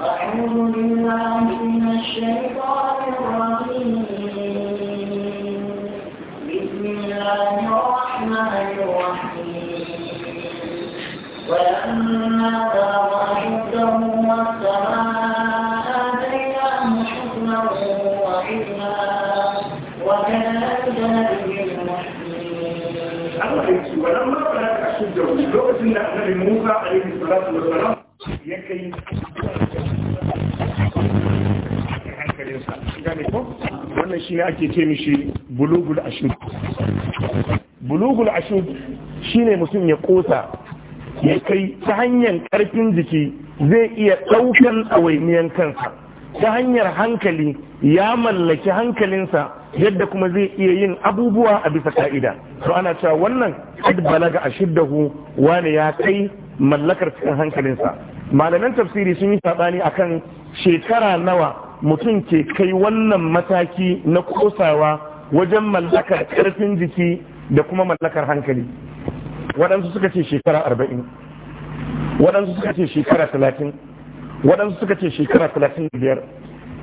أعوذ بالله من الشيطان الرجيم بسم الله الرحمن الرحيم ولما بلغ أشده والسماء آتيناه حكما وعلما وكذلك نجزي المحسنين. ولما بلغ أشده لوقت النبي موسى عليه الصلاة والسلام يكي gane ko wannan shine ake ce mishi bulugul ashud bulugul ashud shine mutum ya kosa ya kai ta hanyar karfin jiki zai iya ɗaukan ɗawainiyan kansa ta hanyar hankali ya mallaki hankalinsa yadda kuma zai iya yin abubuwa a bisa ka'ida to ana cewa wannan kad balaga ashiddahu wani ya kai mallakar cikin hankalinsa malaman tafsiri sun yi saɓani akan shekara nawa mutum ke kai wannan mataki na kosawa wajen mallakar ƙarfin jiki da kuma mallakar hankali waɗansu suka ce shekara arba'in waɗansu suka ce shekara talatin waɗansu suka ce shekara talatin da biyar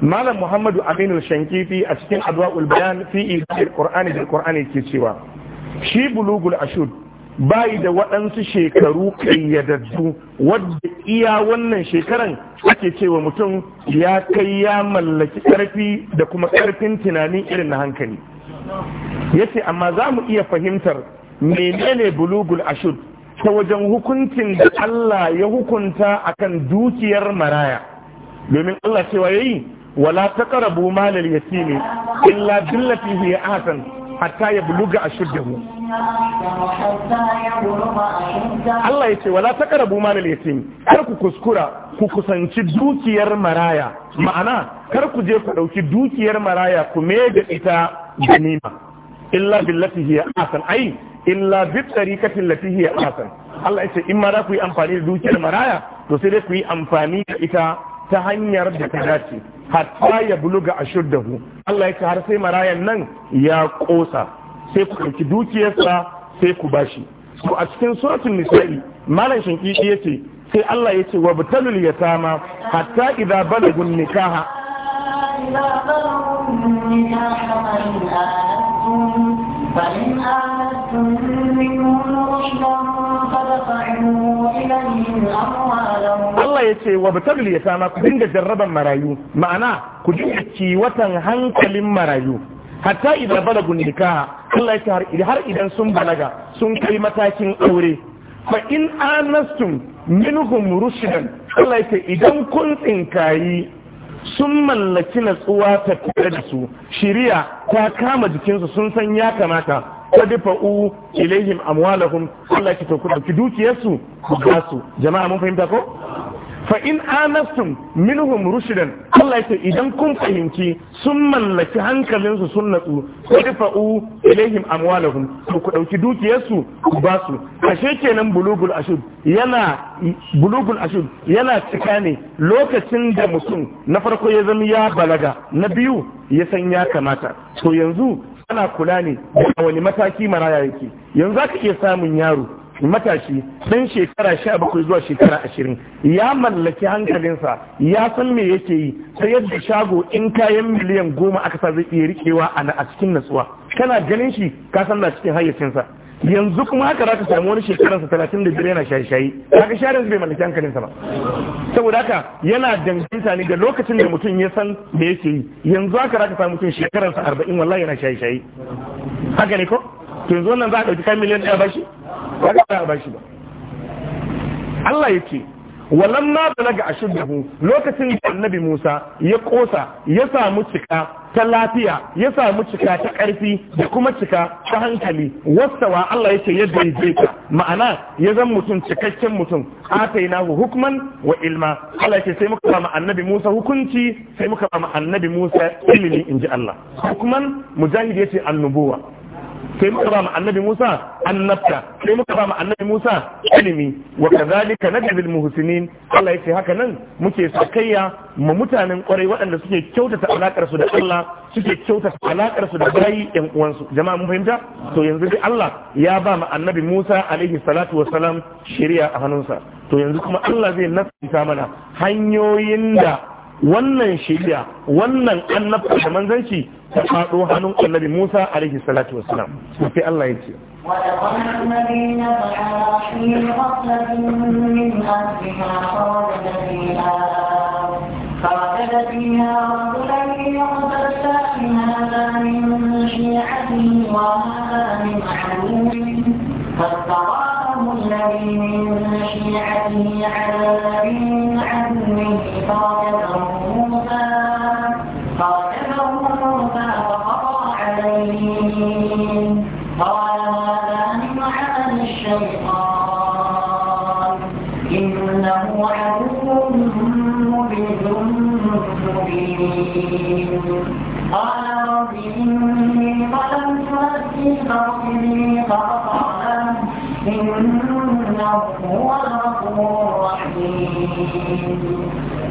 malam muhammadu aminu shankifi a cikin adwa'ul bayan fi idan da ke cewa shi bulugul ashud bayi da waɗansu shekaru kayyadaddu wadda iya wannan shekaran ake cewa mutum ya kai ya mallaki ƙarfi da kuma ƙarfin tunanin irin na hankali ya ce amma za mu iya fahimtar menene bulugul ashud ta wajen hukuncin da Allah ya hukunta akan dukiyar maraya domin Allah cewa yayi wala taqrabu malal yatimi illa billati a ahsan hatta yabluga ashuddahu Allah ya ce wala karabu malal yatim kar ku kuskura ku kusanci dukiyar maraya ma'ana kar ku je ku ɗauki dukiyar maraya ku me da ita ganima illa billati hiya asan ai illa bi tariqati allati hiya asan Allah ya ce in ma za ku yi amfani da dukiyar maraya to sai dai ku yi amfani da ita ta hanyar da ta dace hatta ya buluga ashuddahu Allah ya ce har sai marayan nan ya kosa sai ku ɗauki dukiyarsa sai ku bashi to a cikin suratul nisa'i malam shinkiki yace sai Allah yace wa batalul yatama hatta idza balagun nikaha فإن آمنتم منهم رشدا فدفعوا إليهم أموالهم Allah ya ce wa batagli ya sama ku dinga jarraban marayu ma'ana ku dinga ciwatan hankalin marayu hatta idan balagu nikaha Allah ya har idan sun balaga sun kai matakin aure fa in anastum minhum rushdan Allah ya idan kun tsinkayi sun mallaki natsuwa ta tare da su shiriya ta kama jikinsu sun san ya kamata ta dafa'u ilaihim amwalahum Allah ya ce ku dukiyarsu ku gasu jama'a mun fahimta ko fa in anastum minhum rushdan Allah yake idan kun fahimci sun mallaki hankalinsu sun natsu ko fa'u ilaihim amwalahum to ku dauki dukiyarsu ku ba ashe kenan bulugul ashud yana bulugul ashud yana cika ne lokacin da mutum na farko ya zama ya balaga na biyu ya san ya kamata to yanzu ana kula ne a wani mataki maraya yake yanzu aka iya samun yaro matashi ɗan shekara sha bakwai zuwa shekara ashirin ya mallaki hankalinsa ya san me yake yi sai yadda shago in kayan miliyan goma aka sa zai iya rikewa a cikin natsuwa kana ganin shi ka san na cikin hayyacinsa yanzu kuma haka za ka samu wani shekaransa talatin da biyar yana shaye-shaye haka sharin bai mallaki hankalinsa ba saboda haka yana danganta ne da lokacin da mutum ya san da yake yi yanzu haka za ka samu mutum sa arba'in wallahi yana shaye-shaye haka ne ko to yanzu wannan za a ɗauki kan miliyan ɗaya ba shi ba ga Allah ya ce walan ma balaga lokacin da annabi Musa ya ƙosa ya samu cika ta lafiya ya samu cika ta ƙarfi da kuma cika ta hankali wasawa Allah yake yadda ya je ka ma'ana ya zan mutum cikakken mutum nahu hukman wa ilma Allah yake sai muka ba annabi Musa hukunci sai muka ba annabi Musa ilimi inji Allah hukman mujahid yace annubuwa sai muka ba mu annabi Musa annabta sai muka ba mu annabi Musa ilimi wa kadhalika najzil muhsinin Allah yace haka nan muke sakayya mu mutanen kwarai waɗanda suke kyautata alakar su da Allah suke kyautata alakar su da bayi ɗan uwansu jama'a mun fahimta to yanzu dai Allah ya ba mu annabi Musa alaihi salatu wassalam shari'a a hannunsa to yanzu kuma Allah zai nasanta mana hanyoyin da wannan shirya wannan annabta da manzanci ta faɗo hannun annabi Musa a rikin salatu wasu wassalam sai Allah ya ce ولقد الذين الذي من شيعته على من عدوه له موسى قال له موسى فقضى عليه قال هذا من عمل الشيطان إنه عدو مبد مبين قال رب إني ظلمت نفسي فاغفر لي فغفر له الله هو الغفور الرحيم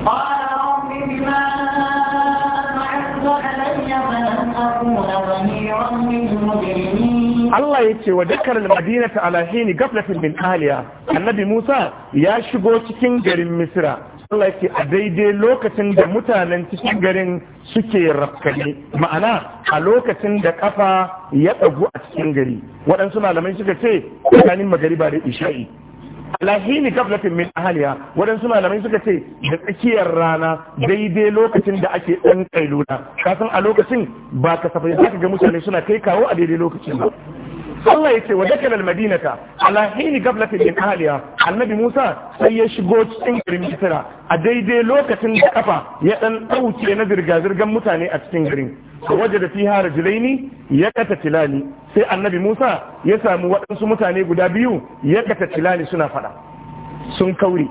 قال رب بما أنعمت علي فلن أكون ظهيرا للمجرمين Allah ya ce wa dakar al-Madinata ala hini gaflatin min aliya Annabi Musa ya shigo cikin garin Misra Allah ya ce a daidai lokacin da mutanen cikin garin suke rafkane ma'ana a lokacin da kafa ya ɗagu a cikin gari waɗansu malamai suka ce tsakanin ba da isha'i alahini gaflatin min ahaliya waɗansu malamai suka ce da tsakiyar rana daidai lokacin da ake ɗan ƙailuna kasan a lokacin ba kasafai za ka ga mutane suna kai kawo a daidai lokacin ba Allah ya ce wa dakala almadinata ala hini gablatin min ahliha annabi Musa sai ya shigo cikin garin Misra a daidai lokacin da kafa ya dan dauke na zirga zirgan mutane a cikin garin waje da fiha rajulaini ya kata tilani sai annabi Musa ya samu waɗansu mutane guda biyu ya kata tilani suna fada sun kauri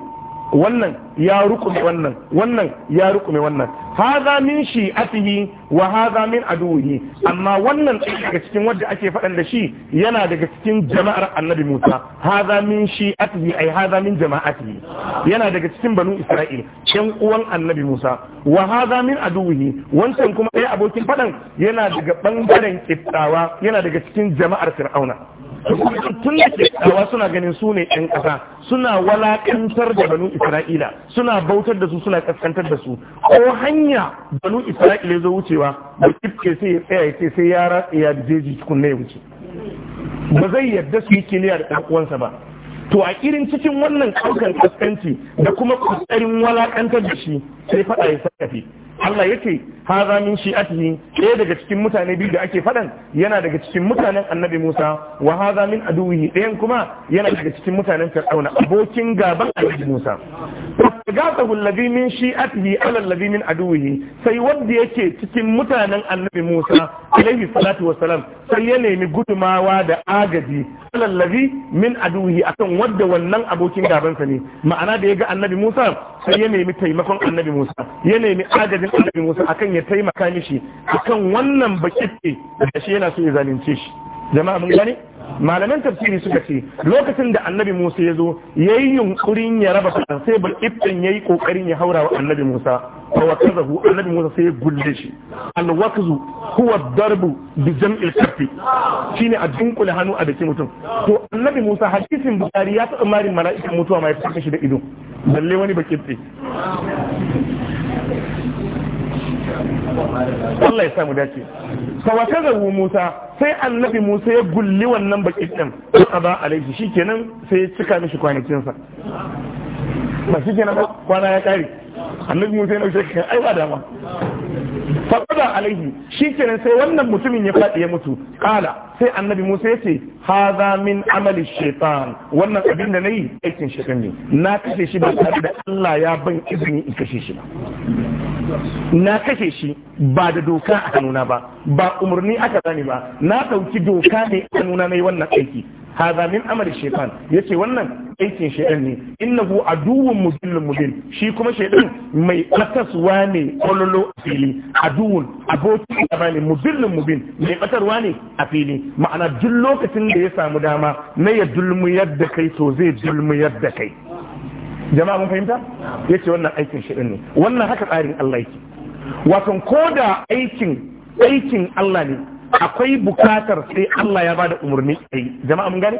wannan ya rukume wannan wannan ya rukume wannan haza min shi'atihi wa haza min aduwihi amma wannan daga cikin wanda ake faɗan da shi yana daga cikin jama'ar annabi Musa haza min shi'atihi ai haza min jama'atihi yana daga cikin banu Isra'il ɗan uwan annabi Musa wa haza min aduwihi wancan kuma ɗaya abokin faɗan yana daga bangaren kittawa yana daga cikin jama'ar Fir'auna tun da kittawa suna ganin su ne ɗan ƙasa suna walaƙantar da banu Isra'ila suna bautar da su suna kaskantar da su ko hanyar kunya banu isra'ila zo wucewa da kifke sai ya tsaya sai ya ratsa ya jeji tukunna ya wuce ba zai yarda su yi kiliya da ɗan'uwansa ba to a irin cikin wannan ɗaukar kaskanci da kuma kusurin walakantar da shi sai faɗa ya sarkafe Allah yake haza min shi'atihi ɗaya daga cikin mutane biyu da ake faɗan yana daga cikin mutanen annabi Musa wa haza min aduwihi ɗayan kuma yana daga cikin mutanen Fir'auna abokin gaban annabi Musa fastaghathahu alladhi min shi'atihi ala alladhi min aduwihi sai wanda yake cikin mutanen annabi Musa alaihi salatu wassalam sai ya nemi gudumawa da agaji ala alladhi min aduwihi akan wanda wannan abokin gabansa ne ma'ana da ya ga annabi Musa sai ya nemi taimakon annabi musa ya nemi agajin annabi musa akan ya taimaka mishi akan wannan bakitte da shi yana so ya zalunce shi jama'a mun gane malaman tafsiri suka ce lokacin da annabi musa ya zo ya yi yunkurin ya raba fadan sai bakitten ya yi kokarin ya haura wa annabi musa fa wakazahu annabi musa sai ya gulle shi alwakzu huwa darbu bi jam'il kafi shine a dunkule hannu a dake mutum to annabi musa hadisin bukari ya taɓa marin mala'ikan mutuwa mai fata shi da ido balle wani bakin tsi Allah ya samu dace sawata da Musa sai annabi Musa ya gulli wannan bakin din qada alaihi shikenan sai ya cika mishi kwanakin sa ba shikenan kwana ya kare annabi musa ya naushe ai ba dama faqada alaihi shikenan sai wannan mutumin ya faɗi ya mutu kala sai annabi musa ya ce haza min amali shaitan wannan abin da nayi aikin shaitan ne na kashe shi ba tare da Allah ya ban izini in kashe shi ba na kashe shi ba da doka a hannuna ba ba umarni aka zani ba na ɗauki doka ne a hannuna na yi wannan aiki hadha min amali shaytan yace wannan aikin shaytan ne innahu aduwwun mudillun mubin shi kuma shaytan mai bataswa ne kololo a fili aduwwun abokin gaba ne mudillun mubin mai batarwa ne a fili ma'ana duk lokacin da ya samu dama na ya dulmi yadda kai to zai dulmi yadda kai jama'a mun fahimta ce wannan aikin shaytan ne wannan haka tsarin Allah yake wato ko da aikin aikin Allah ne akwai bukatar sai Allah ya ba da umarni a yi jama'a mun gane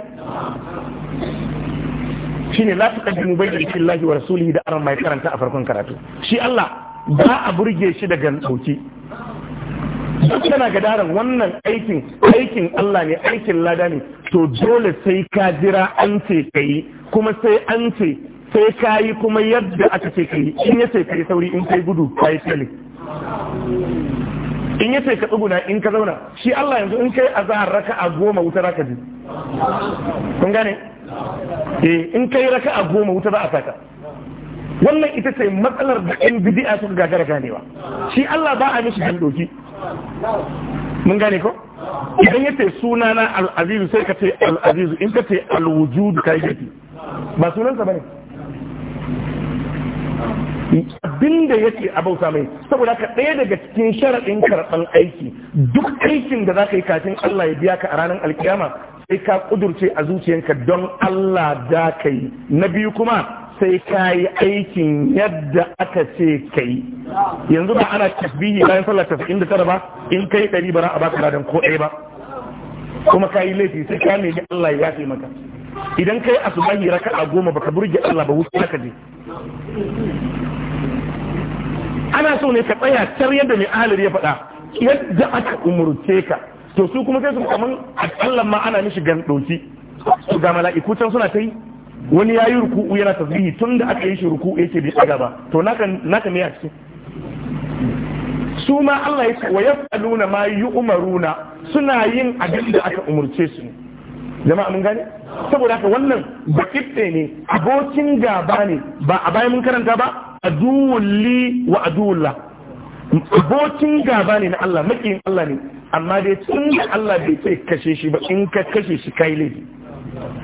shine mu bayyana shi illahi wa rasulihi da aran mai karanta a farkon karatu shi Allah ba a burge shi daga sauki duk kana daren wannan aikin aikin Allah ne aikin lada ne to dole sai ka jira an ce kai kuma sai an ce sai ka yi kuma yadda aka ce kai in ya ce kai sauri in kai gudu kai tale in yace ka tsuguna in ka zauna shi Allah yanzu in kai azhar raka'a goma wuta ka ji kun gane eh in kai raka'a goma wuta za a saka wannan ita ce matsalar da ɗan bidi'a suka gagara ganewa shi Allah ba a mishi doki. mun gane ko idan ya ce sunana al-azizu sai ka ce al-azizu in ka ce al-wujudu kai ba sunansa bane abinda yake a bauta mai saboda ka ɗaya daga cikin sharaɗin karɓar aiki duk aikin da za ka yi kafin Allah ya biya ka a ranar alkiyama sai ka kudurce a zuciyanka don Allah da ka yi na biyu kuma sai ka yi aikin yadda aka ce ka yi yanzu ba ana tasbihi bayan sallar tasa'in da tara ba in kai ɗari ba a baka ladan ko ɗaya ba kuma ka yi laifi sai ka nemi Allah ya yafe maka idan kai asubahi a goma baka burge Allah ba wuce ka je ana so ne ka tsaya tar yadda mai ahalar ya faɗa yadda aka umurce ka to su kuma sai su kaman akalla ma ana mishi gan ɗauki su ga mala'iku can suna ta yi wani ya yi ruku'u yana tasbihi tun da aka yi shi ruku'u yake bai tsaga ba to naka me a cikin su ma Allah ya wa nuna ma yu'maruna suna yin abin da aka umurce su jama'a mun gane saboda haka wannan bakifte ne abokin gaba ne ba a bayan mun karanta ba aduwulli wa aduwulla abokin gaba ne na Allah makiyin Allah ne amma dai tun da Allah bai ce kashe shi ba in ka kashe shi kai laifi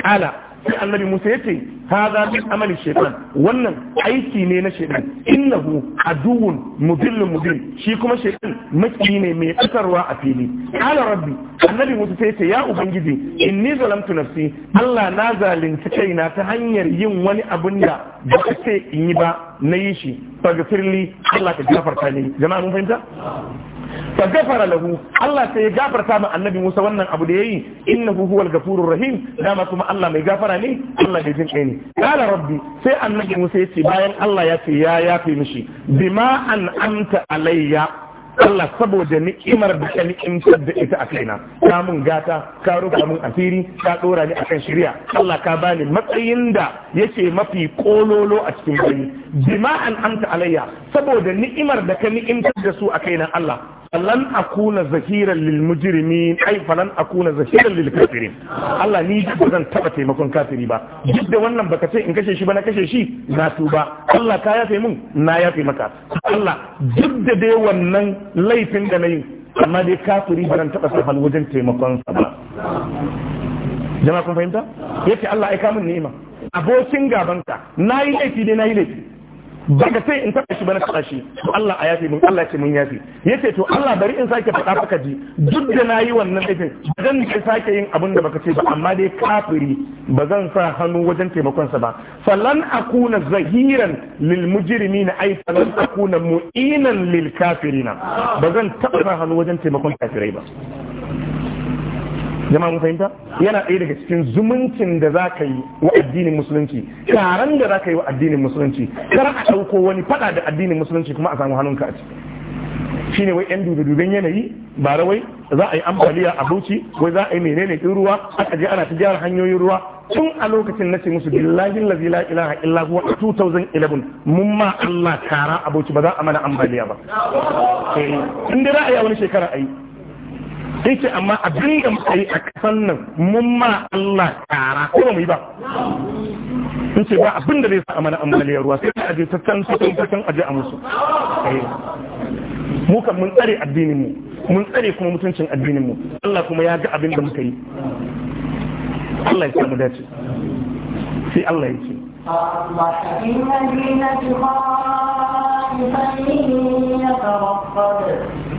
kala sai annabi Musa ya ce. هذا من عمل الشيطان wannan aiki ne na shaitan innahu aduwwun mudill mudin shi kuma shaitan maki ne mai tsarwa a fili ala rabbi annabi musa sai ce ya ubangiji inni zalamtu nafsi Allah na zalunci kaina ta hanyar yin wani abun da ba sai in yi ba na yi shi faghfirli Allah ka gafarta ni jama'a mun fahimta fa gafara lahu Allah sai ya gafarta ma annabi Musa wannan abu da yayi innahu huwal gafurur rahim dama kuma Allah mai gafara ne Allah mai jin kai ne qala rabbi sai annabi Musa ya ce bayan Allah ya ce ya yafi mishi bima an amta alayya Allah saboda ni'imar da ka ni'imtar da ita a kaina ka mun gata ka rufa mun asiri ka dora ni akan shari'a Allah ka bani matsayin da yake mafi kololo a cikin bayi bima an amta alayya saboda ni'imar da ka ni'imtar da su a kaina Allah falan akuna zahiran lil mujrimin ai falan akuna zahiran lil kafirin Allah ni ba zan taba taimakon kafiri ba duk da wannan baka ce in kashe shi ba na kashe shi na tuba Allah ka yafe mun na yafe maka Allah duk da dai wannan laifin da nayi amma dai kafiri ba zan taba sa wajen taimakon sa ba jama'a kun fahimta yace Allah ai ka mun ni'ima abokin gabanka nayi laifi ne nayi laifi daga sai in taɓa shi ba na taɓa shi to Allah a yafi mun Allah ce mun yafi yace to Allah bari in sake faɗa faka ji duk da nayi wannan laifin zan ke sake yin abin da baka ce ba amma dai kafiri ba zan sa hannu wajen taimakon sa ba falan akuna zahiran lil mujrimina ay falan akuna mu'inan lil kafirina ba zan taɓa sa hannu wajen taimakon kafirai ba jama'a mun fahimta yana ɗaya daga cikin zumuncin da za ka yi wa addinin musulunci taron da za ka yi wa addinin musulunci kar a ɗauko wani faɗa da addinin musulunci kuma a samu hannunka a ciki ne wai yan duben yanayi ba rawai za a yi ambaliya a bauchi wai za a yi menene ɗin ruwa aka je ana ta gyara hanyoyin ruwa tun a lokacin na ce musu billahi lazi la ilaha illa huwa 2011 mun ma Allah kara a bauchi ba za a mana ambaliya ba eh, in dai za a yi wani shekara ayi dai ce amma abin da muka yi a kasan nan mun ma Allah kara ko ba mu yi ba in ce ba abin da zai sa mana ambaliyar ruwa sai aje ta can ta can aje a musu eh. mu kan mun tsare addinin mu mun tsare kuma mutuncin addinin mu Allah kuma ya ga abin da muka yi Allah ya samu dace sai Allah ya ce فأصبح في المدينة خائفا يترقب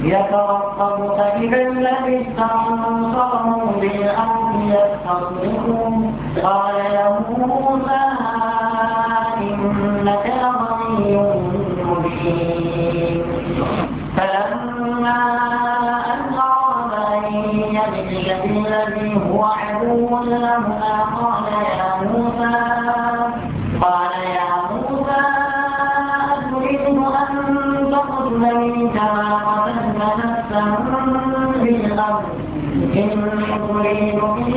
يترقب فإذا الذي استنصره بالأرض يستصرخه قال له موسى إنك لغني الله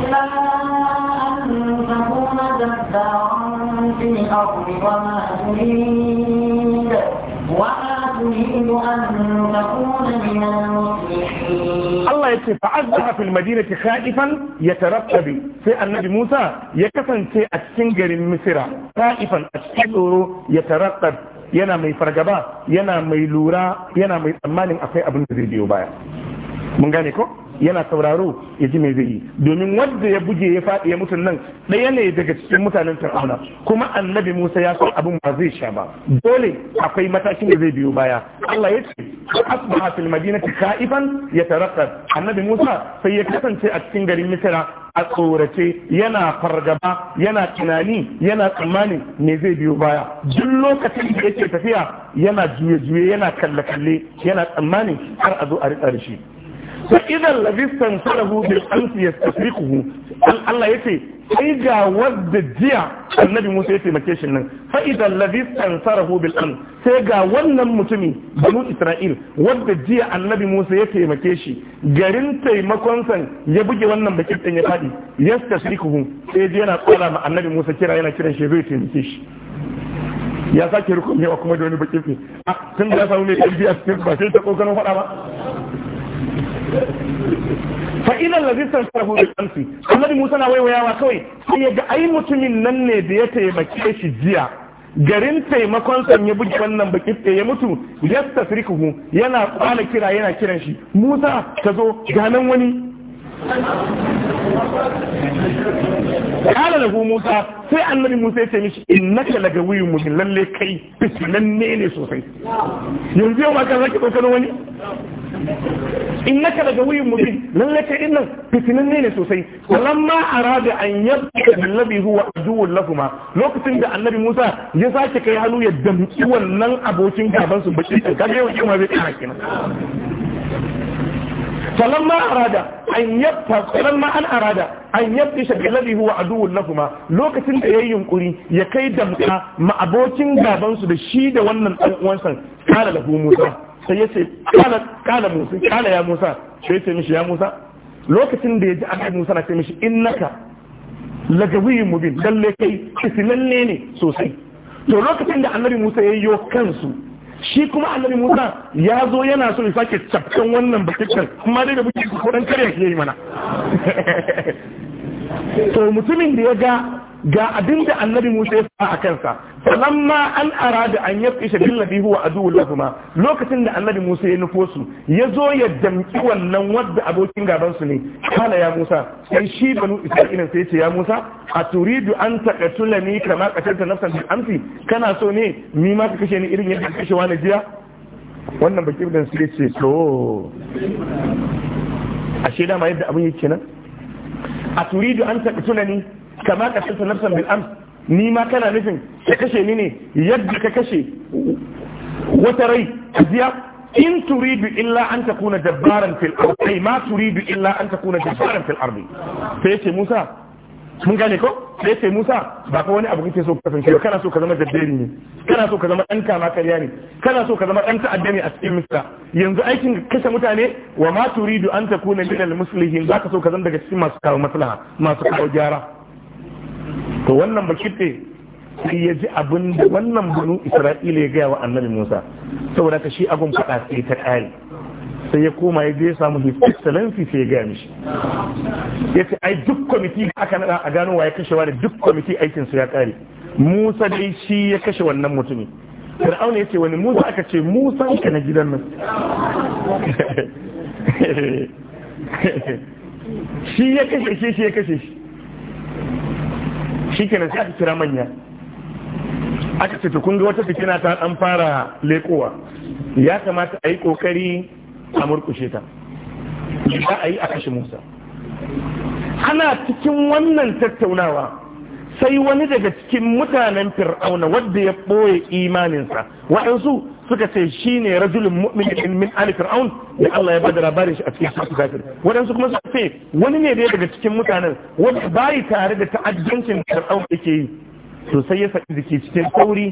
يكفي فعزها في المدينة خائفا يترقب في النبي موسى يكفن في السنجر المصر خائفا السنجر يتركب ينا مي فرقبا ينا مي لورا ينا مي أمان أخي أبن زيدي وبايا منغانيكو yana sauraro ya ji me zai yi domin wanda ya buge ya faɗi ya mutu nan ɗaya ne daga cikin mutanen fir'auna kuma annabi Musa ya san abin ba zai sha ba dole akwai matashin da zai biyo baya Allah ya ce asbaha fil madinati ka'ifan yataraqqab annabi Musa sai ya kasance a cikin garin Misra a tsorace yana fargaba yana tunani yana tsammanin me zai biyo baya duk lokacin da yake tafiya yana juye-juye yana kalle-kalle yana tsammanin har a zo a riƙa shi fa idan labistan sarahu bil amsi yastasriquhu Allah ce sai ga wadda jiya annabi Musa ya taimake shi nan fa idan labistan sarahu bil amsi sai ga wannan mutumin banu Isra'il wadda jiya annabi Musa ya taimake shi garin taimakon san ya buge wannan bakin din ya fadi yastasriquhu sai je yana kwala ma annabi Musa kira yana kiran shi zai taimake shi ya sake rukun yawa kuma da wani bakin ah, tun da ya samu mai tarbiya cikin ba sai ta kokarin faɗa ba fa idan lazistan sarfu da kansu annabi musa na waiwayawa kawai sai ya ga ai mutumin nan ne da ya taimake shi jiya garin taimakon san ya buge wannan bakin ya mutu yasta sirkuhu yana kwana kira yana kiran shi musa ka zo ga nan wani kala lahu musa sai annabi musa ya ce mishi innaka lagawiyun mu lalle kai fitinan ne ne sosai yanzu yau ma kan zaki wani in naka daga wuyin mubin nan kai din nan fitinan ne sosai ma arada an yabka annabi huwa aduwwul lakuma. lokacin da annabi Musa ya sake kai hannu ya damki wannan abokin gaban su baki kaga yau kuma zai kara kenan فلما أراد أن يبتغ فلما an أراد أن يبتش بالذي huwa عدو لهما lokacin da yayin yunkuri ya kai damka ma abokin gaban su da shi da wannan dan uwansa kala lahu Musa sai ya ce kala musa kala ya musa sai ya ce mishi ya musa lokacin da ya ji aka musa na ce mishi innaka lagawiyin mubin lalle kai lalle ne sosai to lokacin da annabi musa ya yi kansu shi kuma annabi musa ya zo yana so ya sake cakkan wannan bakitan amma dai da buke kodan karya ya yi mana to mutumin da ya ga ga abin da annabi Musa ya sa a kansa falamma an arada an yafisha billahi huwa aduwwul lahuma lokacin da annabi Musa ya nufo su ya zo ya damki wannan wadda abokin gaban su ne kana ya Musa sai shi banu Isra'ila sai ce ya Musa a turidu an ni kama qatalta nafsan bil amsi kana so ne ni ma ka kashe ni irin yadda ka kashe wani jiya wannan bakin da su ce to ashe dama yadda abin yake nan a turidu an ni Ka kasalta nafsan bil am ni ma kana nufin ka kashe ni ne yadda ka kashe wata rai ziya in turidu illa an takuna dabbaran fil ardi ma turidu illa an takuna dabbaran fil ardi sai yace Musa mun gane ko sai yace Musa ba ka wani abu kake so ka kasance kana so ka zama daddare ne kana so ka zama dan kama karya ne kana so ka zama dan ta'adda ne a cikin Misra yanzu aikin kashe mutane wa ma turidu an takuna min al Ba ka so ka zama daga cikin masu kawo maslaha masu kawo gyara to wannan bakite sai ya ji abin da wannan bunu isra'ila ya gaya wa annabi musa saboda ka shi abin faɗa sai ta ƙare sai ya koma ya je samu his sai ya gaya mishi ya ce ai duk kwamiti da aka naɗa a gano wa ya kashewa da duk kwamiti aikin su ya ƙare musa dai shi ya kashe wannan mutumin fir'auna ya ce wani musa aka ce musa ka na gidan nan shi ya kashe shi shi ya kashe shi shikenan sai aka kira manya aka ce kun ga wata fitina ta an fara lekowa ya kamata a yi kokari a murkushe ta za a yi a kashe musa ana cikin wannan tattaunawa sai wani daga cikin mutanen fir'auna wadda ya ɓoye imaninsa waɗansu suka ce shi ne rajulun mu'minin min ali fir'aun da Allah ya bada labarin shi a cikin sura kafir wadansu kuma suka ce wani ne dai daga cikin mutanen wanda bai tare da ta'addancin fir'aun yake yi to sai ya saki jiki cikin sauri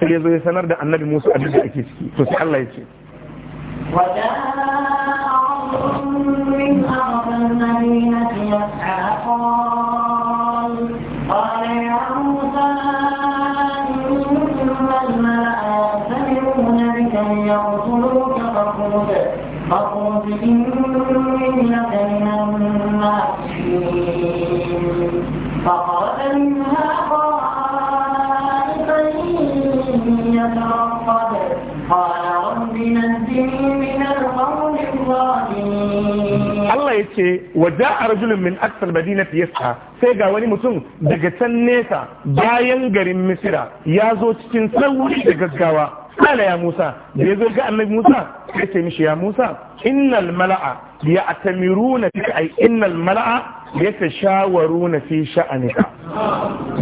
sai ya zo ya sanar da annabi Musa abin da ake ciki to sai Allah ya ce من أرض المدينة يسعى قال قال يا يقتلوك فاخرج فاخرج إني لك من الناصحين فخرج منها خائفا يترقب قال رب نجني من القوم Allah ya ce wa ja'a rajulun min aksal madinati yas'a sai ga wani mutum daga can nesa bayan garin Misira ya zo cikin sauri da gaggawa kala ya musa da ya zo ga annabi musa ya ce mishi ya musa innal mala'a ya atamiru na fi ai innal mala'a ya ta shawaru na fi sha'anika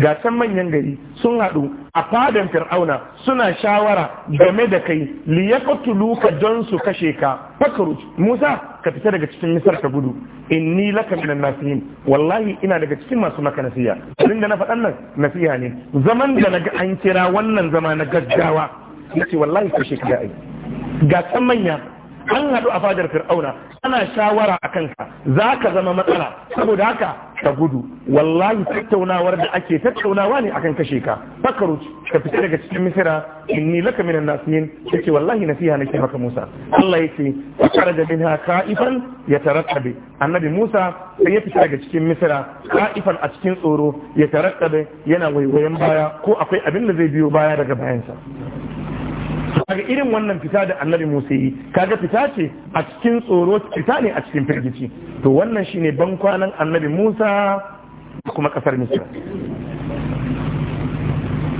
ga can manyan gari sun haɗu a fadan fir'auna suna shawara game da kai liyaqtulu ka don su kashe ka fakruj musa ka fita daga cikin misar ka gudu inni laka minan nasihin wallahi ina daga cikin masu maka nasiha abin da na faɗan nan nasiha ne zaman da na ga an kira wannan zama na gaggawa ya wallahi ko shekara ai ga kan manya an haɗu a fadar fir'auna ana shawara a kanka za ka zama matsala saboda haka ka gudu wallahi tattaunawar da ake tattaunawa ne akan kashe ka fakaru ka fita daga cikin misira inni laka minan nasiyin yace wallahi nasiha nake maka Musa Allah yace faraja minha kaifan yatarattabi annabi Musa sai ya fita daga cikin misira kaifan a cikin tsoro yatarattabi yana waiwayen baya ko akwai abin da zai biyo baya daga bayansa kaga irin wannan fita da annabi Musa yi kaga fita ce a cikin tsoro fita ne a cikin firgici to wannan shine ne kwanan annabi Musa kuma kasar Misra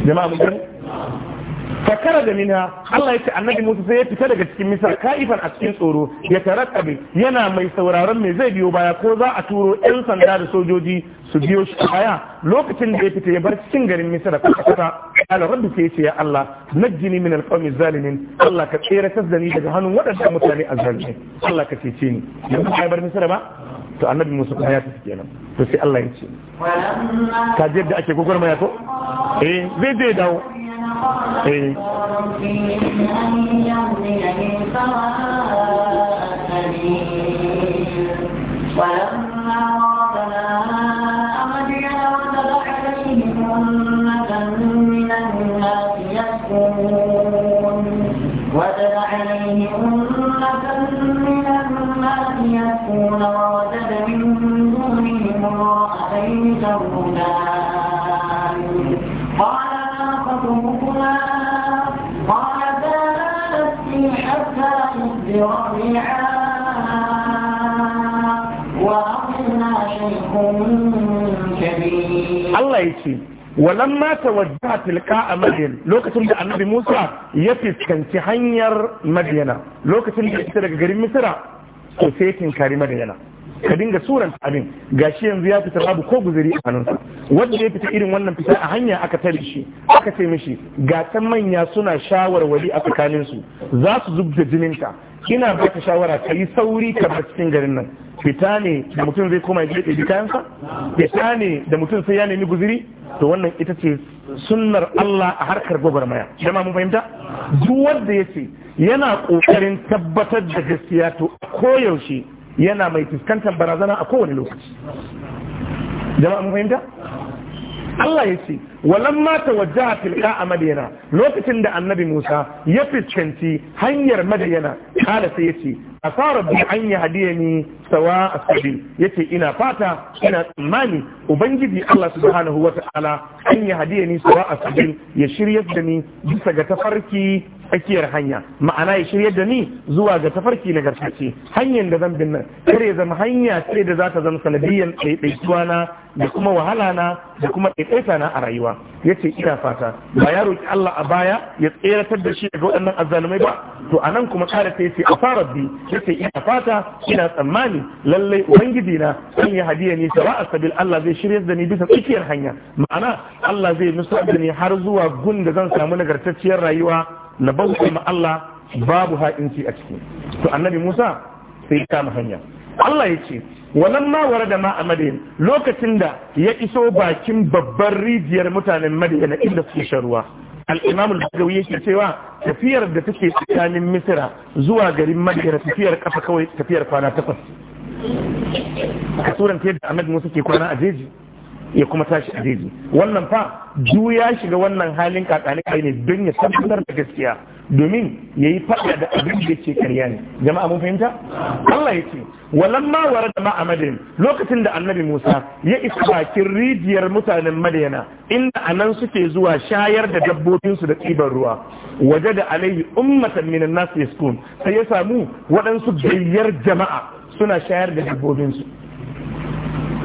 jama'a mun fakara da minha Allah ya ce annabi Musa sai ya fita daga cikin Misar kaifan a cikin tsoro ya tarakabe yana mai sauraron me zai biyo baya ko za a turo ɗan sanda da sojoji su biyo shi baya lokacin da ya fita ya bar cikin garin Misar kwata kusa? Allah rabbi sai ya ce ya Allah najjini min alqawmi zalimin Allah ka tsere tasdani daga hannun waɗannan mutane azzalimi Allah ka cece ni yanzu ba bar Misar ba to annabi Musa kuma ya tafi kenan to sai Allah ya ce ka je da ake gogormaya ko eh zai je dawo إيه؟ ولما ورثنا أمدين وتبع عليهم أمة من الناس يسكون وتبع عليهم أمة من الناس يسكون ووجد من دونهم امرأتين ترودان Allah ya ce walan ma tawajjaha tilqa a madyan lokacin da annabi Musa ya fiskanci hanyar Madiyana lokacin da ya fita daga garin Misra to sai tinkari Madiyana ka dinga suran abin gashi yanzu ya fita babu ko guzuri a hannunsa wanda ya fita irin wannan fita a hanya aka tare shi aka ce mishi ga ta manya suna shawarwari a tsakanin su za su da jininka ina baka shawara ka yi sauri ka bar cikin garin nan fita ne da mutum zai koma ya je kayansa fita ne da mutum sai ya nemi guzuri to wannan ita ce sunnar Allah a harkar gwagwarmaya jama mun fahimta duk wanda ya ce yana kokarin tabbatar da gaskiya to koyaushe yana mai fuskantar barazana a kowane lokaci jama'a mu fahimta Allah ya ce walan mata wajaha filka a madiyana. lokacin da annabi Musa ya fuskanci hanyar madiyana. Kala sai ya ce a fara bi an yi hadiya ni sawa a sabil ya ce ina fata ina tsammani ubangiji Allah subhanahu wa ta'ala an yi hadiya ni sawa a sabil ya shirya da ni bisa ga tafarki tsakiyar hanya ma'ana ya shirya da ni zuwa ga tafarki na garkace hanyar da zan bin nan kare zama hanya ce da za ta zama sanadiyyar ɗaiɗaikuwa na da kuma wahala na da kuma ɗaiɗaita na a rayuwa ya ce ina fata ba ya roƙi Allah a baya ya tseratar da shi daga waɗannan azzalumai ba to a nan kuma ƙara sai ce a fara bi ya ce ina fata ina tsammani lallai ubangiji na zan yi hadiya ne ta a sabil Allah zai shirya da ni bisa tsakiyar hanya ma'ana Allah zai nusar da ni har zuwa gun da zan samu nagartacciyar rayuwa na bauta Allah babu ha'inci a ciki to annabi Musa sai ya kama hanya Allah ya ce wannan ma wara da ma lokacin da ya iso bakin babbar rijiyar mutanen madayin inda suke shan ruwa al'imam al-bagawi yake cewa tafiyar da take tsakanin misira zuwa garin madina tafiyar kafa kawai tafiyar kwana takwas a turan ta yadda ahmed musa ke kwana a jeji ya kuma tashi a daidai wannan fa juya ya shiga wannan halin kakani kai ne don ya tabbatar da gaskiya domin ya yi faɗa da abin da ke karya ne jama'a mun fahimta Allah ya ce walamma wara da ma'amadin lokacin da annabi Musa ya isa bakin rijiyar mutanen Madiyana inda anan suke zuwa shayar da dabbobinsu da tsibar ruwa waje da alaihi ummatan minan nas yaskun sai ya samu waɗansu gayyar jama'a suna shayar da dabbobinsu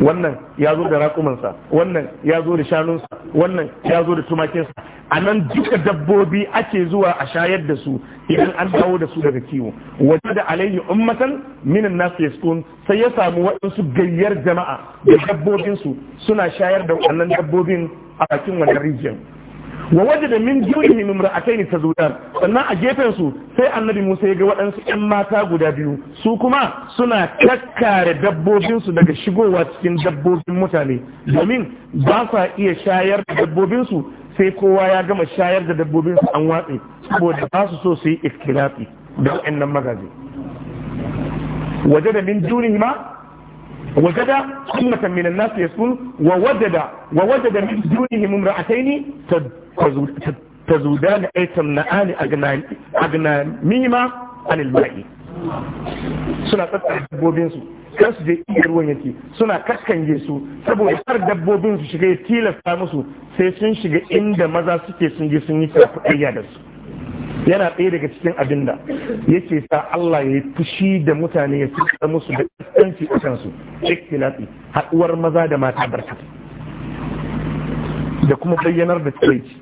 wannan ya zo da raƙumansa wannan ya zo da shanunsa wannan ya zo da tumakinsa a nan duka dabbobi ake zuwa a shayar da su idan an dawo da su daga kiwo waje da alayhi ummatan minan nasu yaskun sai ya samu waɗansu gayyar jama'a da dabbobinsu suna shayar da wannan dabbobin a bakin wannan rijiyar wa wajada min jurihim imra'atayn tazudan sannan a gefen su sai annabi Musa ya ga waɗansu ƴan mata guda biyu su kuma suna kakkare dabbobin su daga shigowa cikin dabbobin mutane domin ba sa iya shayar da dabbobin su sai kowa ya gama shayar da dabbobin su an watsi saboda ba su so su yi ikhtilafi da waɗannan magaji wajada min ma وجد أمة من الناس يسون ووجد ووجد من دونهم امرأتين تد تزودان أي تمنعان أغناميما عن الماء suna tsatsa dabbobinsu kan su je iya ruwan yake suna kaskanje su saboda har dabbobin su shiga ya tilasta musu sai sun shiga inda maza suke sun je sun yi kafayya da su yana ɗaya daga cikin abin da yake sa Allah ya fushi da mutane ya tsitsa musu da kaskanci a kansu ikhtilafi haɗuwar maza da mata barkatu da kuma bayyanar da tsiraici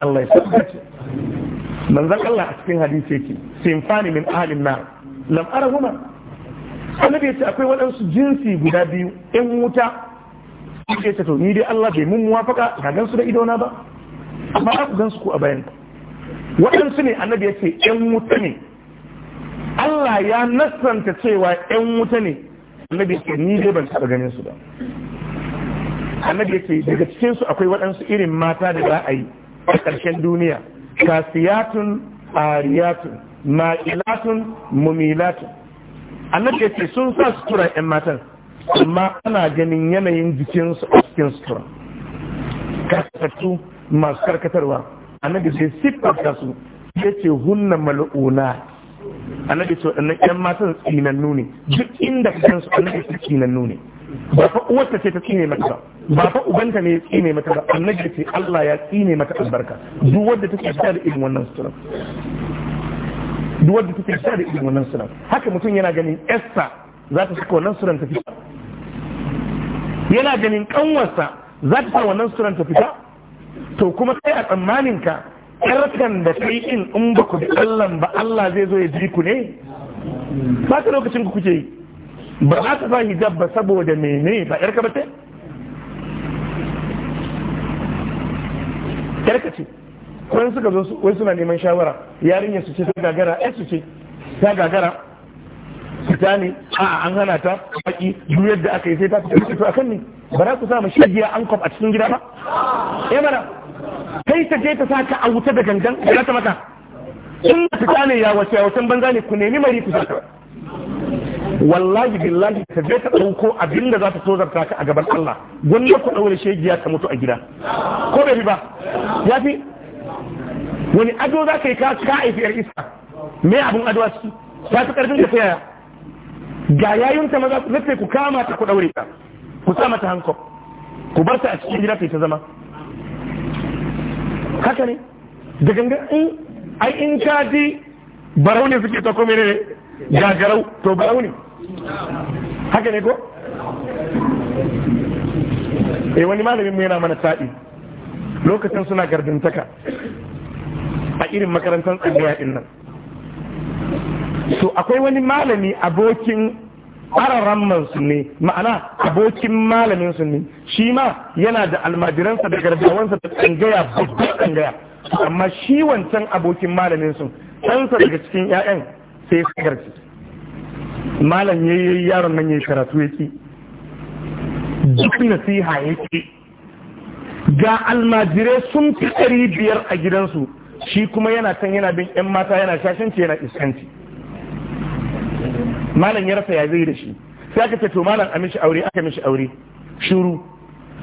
Allah ya sabbace manzan Allah a cikin hadisi yake sinfani min ahlin nar lam arahuma annabi ya ce akwai waɗansu jinsi guda biyu in wuta ya ce to ni dai Allah bai mun muwafaka ga gansu da idona ba amma aku gansu ku a bayan waɗansu ne annabi ya ce in wuta ne Allah ya nasanta cewa in wuta ne annabi ya ce ni dai ban taba ganin su ba annabi yace daga cikin su akwai waɗansu irin mata da za a yi a ƙarshen duniya kasiyatun ariyatun ma'ilatun mumilatun annabi yace sun sa sutura yan matan amma ana ganin yanayin jikinsu a cikin sutura karkatattu masu karkatarwa annabi sai siffar su yace hunna mal'una annabi ce waɗannan yan matan tsinannu ne duk inda ka annabi su tsinannu ne ba fa uwarta ce ta tsine mata ba ba fa ubanta ne ya tsine mata ba annabi ce Allah ya tsine mata albarka duk wanda take tsaya da irin wannan sunan. duk wanda take tsaya da irin wannan sutura haka mutum yana ganin Esther za ta saka wannan suran ta fita yana ganin kanwarsa za ta saka wannan suran ta fita to kuma kai a tsammanin ka karkan da kai in in ba ku bi Allah ba Allah zai zo ya ji ku ne ba ta lokacin ku kuke yi ba za ta sahi hijab ba saboda mene ba yarka ba ce yarka ce kwan suka zo wai suna neman shawara yarinya su ce ta gagara ai su ce ta gagara fita ne a an hana ta baki duk yadda aka yi sai ta fita to akan ne ba za ku sa mashi giya an kwaf a cikin gida ba ya eh, mana kai ta je ta saka a wuta da gangan ya ta maka in fita ne ya wace ya wacan banza ne ku nemi mari ku saka wallahi billahi ta zai ka ɗauko abin da za ta tozarta ka a gaban Allah gwanda ku ɗaure shegiya ta mutu a gida ko bai ba ya fi wani ado za ka yi ka aifi yar isa me abin ado ciki ta fi ƙarfin da ta yaya ga ta maza ku zace ku kama ta ku ɗaure ta ku sa mata hanko ku bar ta a cikin gida ta zama haka ne da ganga in ai in ka ji barau ne suke ta ko menene gagarau to barau ne haka ne ko eh wani malamin mu yana mana sa'i lokacin suna gardintaka a irin makarantar tsangaya din nan so akwai wani malami abokin ƙararren su ne ma'ana abokin malamin su ne shi ma yana da almajiransa da gargawansa da tsangaya babba tsangaya amma shi wancan abokin malamin su ɗansa daga cikin 'ya'yan sai sagarci malam ya yi yaron nan ya yi karatu ya ki duk nasiha ya ki ga almajirai sun fi ɗari biyar a gidansu shi kuma yana kan yana bin yan mata yana shashanci yana iskanci malam ya rasa ya zai da shi sai aka ce to malam a mishi aure aka mishi aure shuru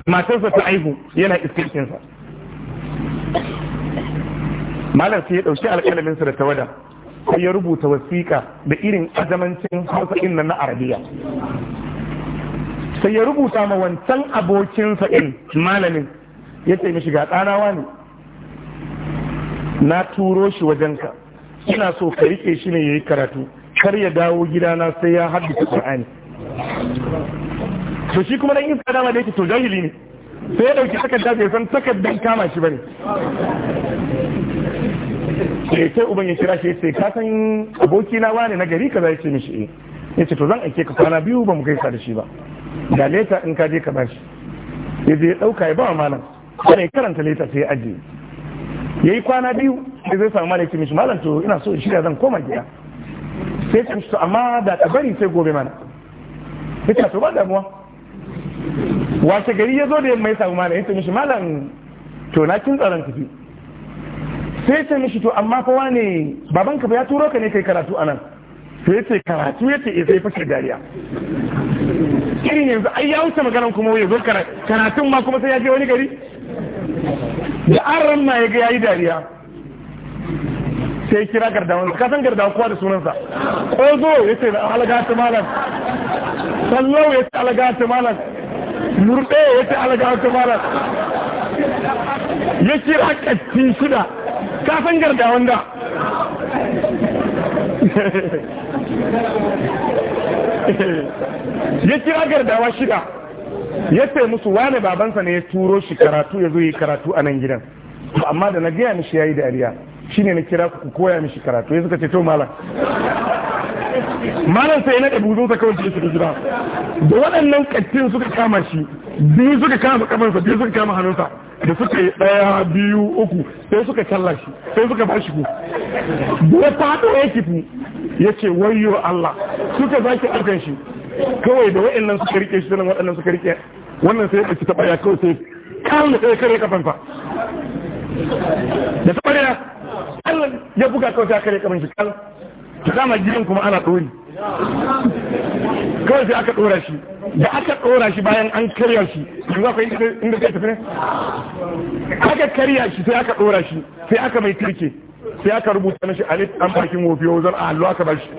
matarsa ta aihu yana iskancinsa malam sai ya ɗauki alƙalaminsa da tawada sai ya rubuta wasiƙa da irin azamancin hausa inna na arabiya sai ya rubuta ma wancan abokinsa ɗin malamin ya ce mishi ga ɗanawa ne na turo shi wajenka ina so ka riƙe shi ne ya yi karatu kar ya dawo gidana sai ya haddasa ƙur'ani to shi kuma dan iska dama da yake to jahili ne sai ya dauki takarda bai san takardan kama shi bane sai sai uban ya kira shi sai ka san aboki na wani na gari kaza yace mishi eh yace to zan aike ka kwana biyu ba mu gaisa da shi ba da leta in ka je ka bashi ya je ya dauka ya ba wa malam sai karanta leta sai ya ajiye yayi kwana biyu sai zai samu malam yace mishi malam to ina so in shirya zan koma gida sai ce mishi to amma da ka bari sai gobe mana yace to ba damuwa wace gari ya zo da yamma ya samu malam yace mishi malam to na kin tsaron tafi sai ce mishi to amma kowa ne babanka ba ya turo ka ne kai karatu a nan sai ce karatu ya ce eh, sai fashe dariya irin yanzu ai ya wuce maganan kuma ya zo karatun ma kuma sai ya je wani gari da an ramma ya ga yayi dariya sai kira gardawan ka san gardawa kowa da sunansa ko zo ya ce da alagata malam sallau ya ce alagata malam murɗe ya ce alagata malam ya kira katti shida ka san gardawan da ya kira gardawa shida ya ce musu wane babansa ne ya turo shi karatu ya zo yi karatu a nan gidan amma da na gaya mishi yayi dariya shine na kira ku koya mishi karatu ya suka ce to malam malam sai na ɗabi zo kawai da suka gida da waɗannan kattin suka kama shi biyu suka kama kamarsa biyu suka kama hannunsa da suka yi daya biyu uku sai suka kalla shi sai suka ba shi ku da fado ya kifi ya ce wayo Allah suka ki arkan shi kawai da wa'annan suka rike shi sanan waɗannan suka rike wannan sai ya ɗauki taɓa ya kawai sai kan da sai kare kafansa da taɓa ya buga kawai sai kare kafan shi kan ta kama gidan kuma ana ɗori kawai sai aka ɗora shi da aka ɗora shi bayan an karya shi yanzu akwai inda zai tafi ne aka karya shi sai aka ɗora shi sai aka mai turke sai aka rubuta mashi alif an bakin wofiyo zan a hallo aka bashi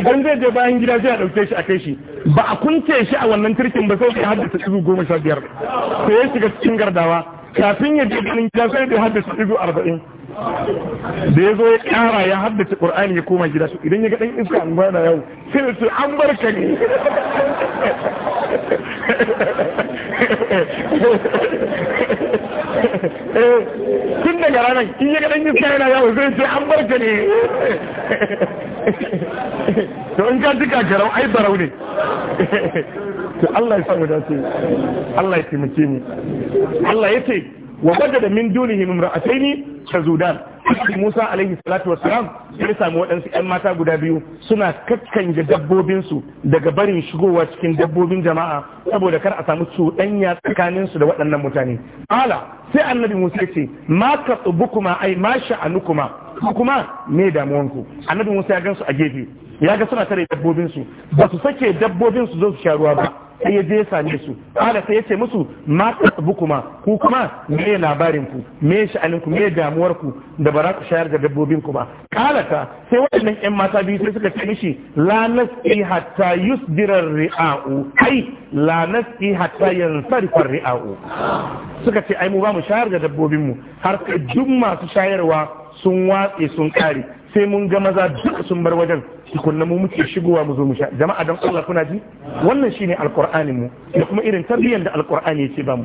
idan zai je bayan gida sai a ɗauke shi a kai shi ba a kunce shi a wannan turkin ba sai ya haddasa izu goma sha biyar sai ya shiga cikin gardawa kafin ya je ganin gida sai ya haddasa izu arba'in da ya zo ya kara ya haddace ƙur'ani ya koma gida su idan ya ga ɗan iska an bana yau sai su an bar ka ne eh, tun daga ranar in ya ga ɗan iska yana yawo sai ce an ka ne to in ka ji kakarau ai barau ne to Allah ya samu dace Allah ya taimake mu Allah ya ce wa wajada min dunihim Da tazudan Musa alaihi salatu salam ya samu waɗansu ƴan mata guda biyu suna kakkanje dabbobinsu daga barin shigowa cikin dabbobin jama'a saboda kar a samu cuɗanya tsakanin su da waɗannan mutane ala sai annabi Musa ya ce ma katubukuma ai ma sha'anukuma kuma me damuwanku annabi Musa ya gansu a gefe ya ga suna tare dabbobin su. ba su sake dabbobin su zo su sha ruwa ba sai ya je ya same su kada sai ya ce musu ma tsabu kuma ku kuma me labarin ku me sha'anin ku me damuwar ku da ba za ku shayar da dabbobin ku ba kala ta sai waɗannan yan mata biyu sai suka ce mishi la nasi hatta yusdira ri'a'u ai la nasi hatta yansarifa ri'a'u suka ce ai mu ba mu shayar da dabbobin mu har sai duk masu shayarwa sun watse sun kare sai mun ga maza duka sun bar wajen tukunna mu muke shigowa mu zo mu sha jama'a dan Allah kuna ji wannan shine alqur'anin mu da kuma irin tarbiyyar da alqur'ani yake ba mu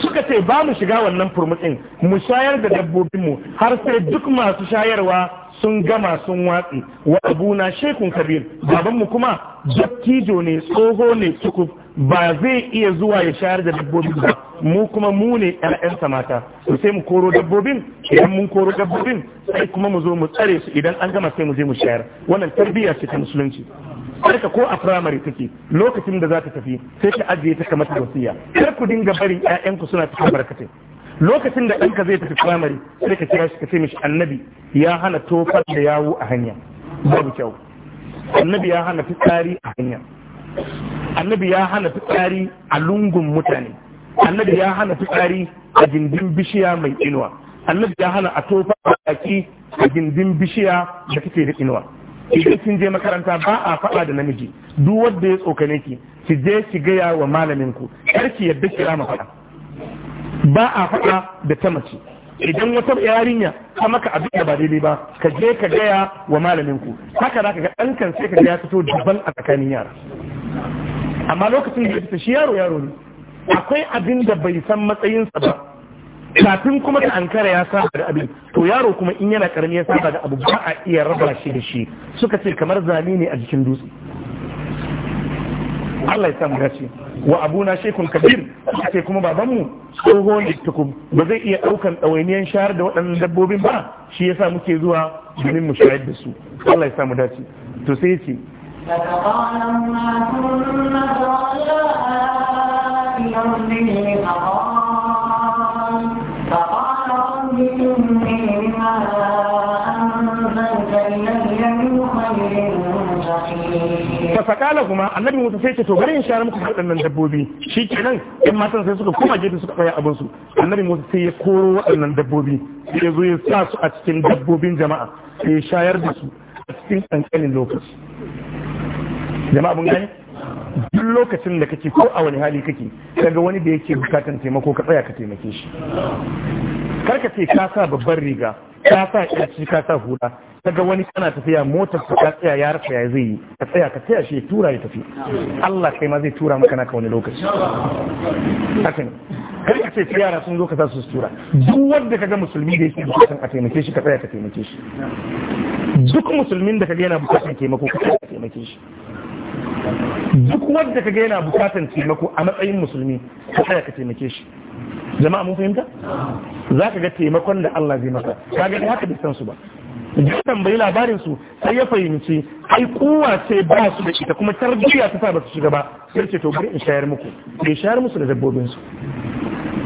suka ce ba mu shiga wannan furmutsin mu shayar da dabbobin mu har sai duk masu shayarwa sun gama sun watsi wa abuna shekun kabir baban mu kuma dattijo ne tsoho ne tukuf ba zai iya zuwa ya shayar da dabbobin ba mu kuma mu ne ƴaƴansa mata su sai mu koro dabbobin idan mun koro dabbobin sai kuma mu zo mu tsare su idan an gama sai mu je mu shayar wannan tarbiyya ce ta musulunci Karka ko a firamare take lokacin da za ta tafi sai ka ajiye ta kamata wasiya kar ku dinga barin ƴaƴanku suna cikin barkatai lokacin da ɗanka zai tafi firamare sai ka kira shi ka ce mishi annabi ya hana tofar da yawo a hanya babu kyau annabi ya hana fitsari a hanya annabi ya hana fitsari a lungun mutane annabi ya hana fitsari a gindin bishiya mai inuwa annabi ya hana a tofa baki a gindin bishiya da take da inuwa idan kin je makaranta ba a faɗa da namiji duk wanda ya tsokane ki ki je ki gaya wa malamin ku kar ki yadda ki rama faɗa ba a faɗa da ta mace idan wata yarinya ta maka abin da ba daidai ba ka je ka gaya wa malamin ku haka za ka ga kan sai ka ga ya fito daban a tsakanin yara amma lokacin da ya shi yaro yaro ne akwai abin da bai san matsayinsa ba kafin kuma da ankara ya saba da abin to yaro kuma in yana karami ya saba da abu ba a iya raba shi da shi suka ce kamar zane ne a jikin dutse Allah ya samu dace wa abuna shekun kabir sai kuma babanmu tsoho ne tukum ba zai iya daukan ɗawainiyar shahar da waɗannan dabbobin ba shi yasa muke zuwa domin mu shayar da su Allah ya samu dace to sai ce fakala kuma ثم رايا إلى annabi musa sai ce to bari in share muku waɗannan dabbobi shi nan, yan matan sai suka koma gefe suka tsaya abin su annabi musa sai ya koro waɗannan dabbobi ya zo ya sa su a cikin dabbobin jama'a sai ya shayar da su a cikin ƙanƙanin lokaci jama'a mun gane duk lokacin da kake ko a wani hali kake kaga wani da yake bukatan taimako ka tsaya ka taimake shi karka ce ka sa babban riga ka sa ƙarci ka sa hula kaga wani kana tafiya motar ka ka tsaya ya rasa ya zai yi ka tsaya ka tsaya shi ya tura ya tafi Allah kai ma zai tura maka naka wani lokaci Hakan ne kar ka ce ta yara sun zo ka sa su tura duk wanda kaga musulmi da yake bukatan a taimake shi ka tsaya ka taimake shi duk musulmin da kaga yana bukatan taimako ka tsaya ka taimake shi duk wanda kaga yana bukatan taimako a matsayin musulmi ka tsaya ka taimake shi jama'a mun fahimta za ka ga taimakon da Allah zai maka kaga ya haka bisan su ba ya bai labarin su sai ya fahimci ai kuwa sai ba su da ita kuma tarbiyya ta sa ba su shiga ba sai ce to bari in shayar muku bai shayar musu da dabbobin su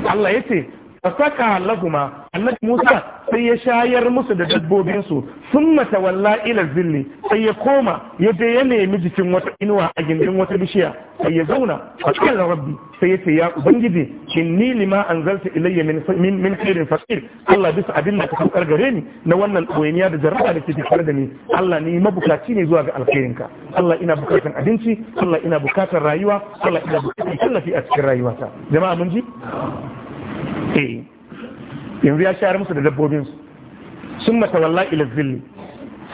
Allah ya ce fasaka lahuma annabi Musa sai ya shayar musu da dabbobin su mata tawalla ila zilli sai ya koma ya je ya nemi jikin wata inuwa a gindin wata bishiya sai ya zauna fakala rabbi sai ya ce ya ubangiji inni lima anzalta ilayya min min min khairin faqir Allah bisa abin da ka saukar gare ni na wannan ɗoyiniya da jarraba da ke tare da ni Allah ni mabukaci ne zuwa ga alkhairinka Allah ina bukatan abinci Allah ina bukatan rayuwa Allah ina bukatan tallafi a cikin rayuwata jama'a mun ji suke yanzu ya shayar musu da dabbobin su. sun mata walla ila zilli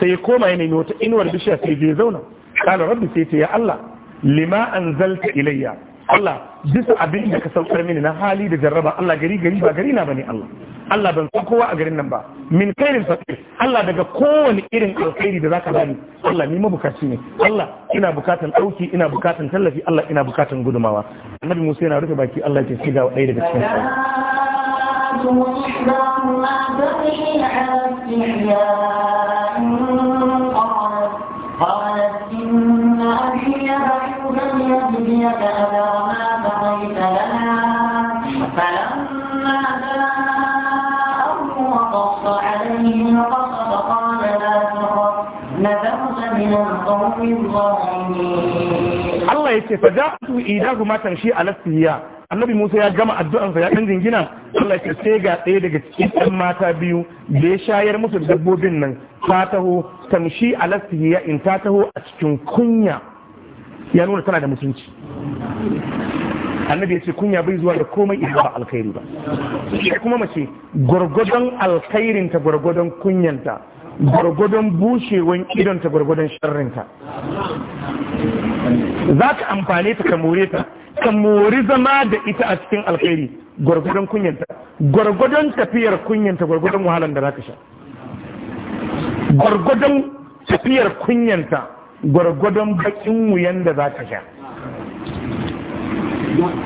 sai ya koma ya nemi wata inuwar bishiya sai je zauna kala rabbi sai ce ya Allah lima anzalta ilayya Allah bisa abin da ka saukar mini na hali da jarraba Allah gari gari ba gari na bane Allah Allah ban san kowa a garin nan ba min kairin fakir Allah daga kowane irin alkhairi da zaka bani Allah ni mabukaci ne Allah ina bukatan dauki ina bukatan tallafi Allah ina bukatan gudumawa Annabi Musa yana rufe baki Allah ya ce sai ga ɗaya daga cikin فآتوا إحداهما سبعين على استحياء فلما جاءه وقص عليه القصص قال allah ya ce الله يتي فجاءته إيداه shi a annabi Musa ya gama addu'ansa ya ɗan jingina Allah ya sai ga ɗaya daga cikin ɗan mata biyu da ya shayar musu dabbobin nan ta taho tamshi alastihiya in ta taho a cikin kunya ya nuna tana da mutunci annabi ya ce kunya bai zuwa da komai idan ba alkhairi ba kuma mace gwargwadon alkhairinta gwargwadon kunyanta gwargwadon bushewan ta gwargwadon sharrinta za ka amfane ta ka more ta ka mori zama da ita a cikin alkhairi gwargwadon kunyanta gwargwadon tafiyar kunyanta gwargwadon wahalar da za ka sha gwargwadon tafiyar kunyanta gwargwadon bakin wuyan da za ka sha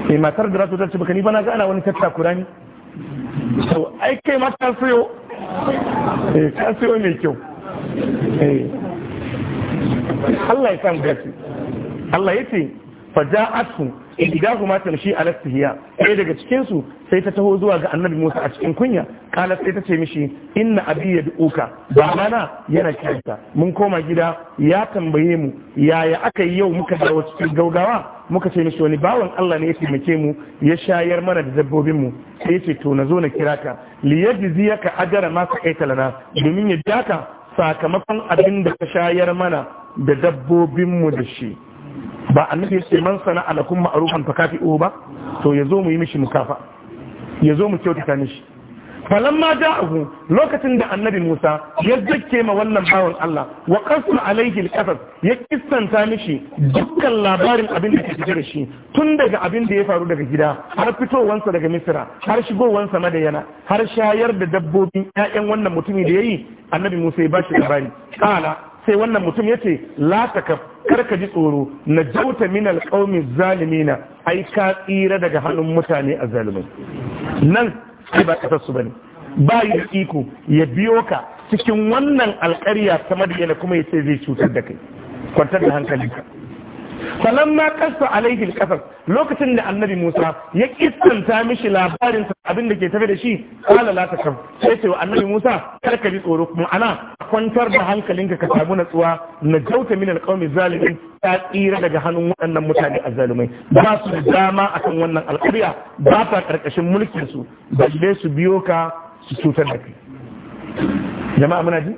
mai matar da za su tarci baka ni bana ga ana wani tattakura ne ai kai mata sayo eh ka siyo mai kyau eh Allah ya san gaci Allah ya ce fa ja'atu idahu ma tamshi ala istihiya sai daga cikin su sai ta taho zuwa ga annabi Musa a cikin kunya kala sai ta ce mishi inna abi yad'uka ba mana yana kiranta mun koma gida ya tambaye mu yaya aka yi yau muka dawo cikin gaugawa muka ce mishi wani bawan Allah ne ya taimake mu ya shayar mana da dabbobin mu ya yace to na zo na kira ka liyajziyaka ajra ma sa'aita lana domin ya daka sakamakon abin da ka shayar mana da dabbobinmu da shi ba a ya ce man sana alakum ma'rufan fakafi'u ba to ya zo mu yi mishi mukafa zo mu kyautata mishi ma falan falamma abu lokacin da annabi Musa ya zake ma wannan bawan Allah wa qasul alaihi alqasas ya kissanta mishi dukkan labarin abin da ke da shi tun daga abin da ya faru daga gida har fitowansa daga Misira, har shigowansa Madayana har shayar da dabbobin ƴaƴan wannan mutumi da ya yi, annabi Musa ya bashi labari kana sai wannan mutum yace la takaf karka ji tsoro na jauta min alqaumi zalimina ai ka tsira daga hannun mutane azzalumai nan sai ba kasar su bane ba yi da iko ya biyo ka cikin wannan alƙarya ta madiyana kuma ya ce zai cutar da kai kwantar da hankali. falan ma kasta alaihi alqasas lokacin da annabi Musa ya kissanta mishi labarin abin da ke tafe da shi qala la kam sai ce wa annabi Musa kar ka ji tsoro kuma ana kwantar da hankalinka ka samu natsuwa na jauta min alqawmi zalimin ta tsira daga hannun waɗannan mutane azzalumai ba su da dama akan wannan alƙarya ba ta karkashin mulkin su balle su biyo ka su cutar da kai jama'a muna ji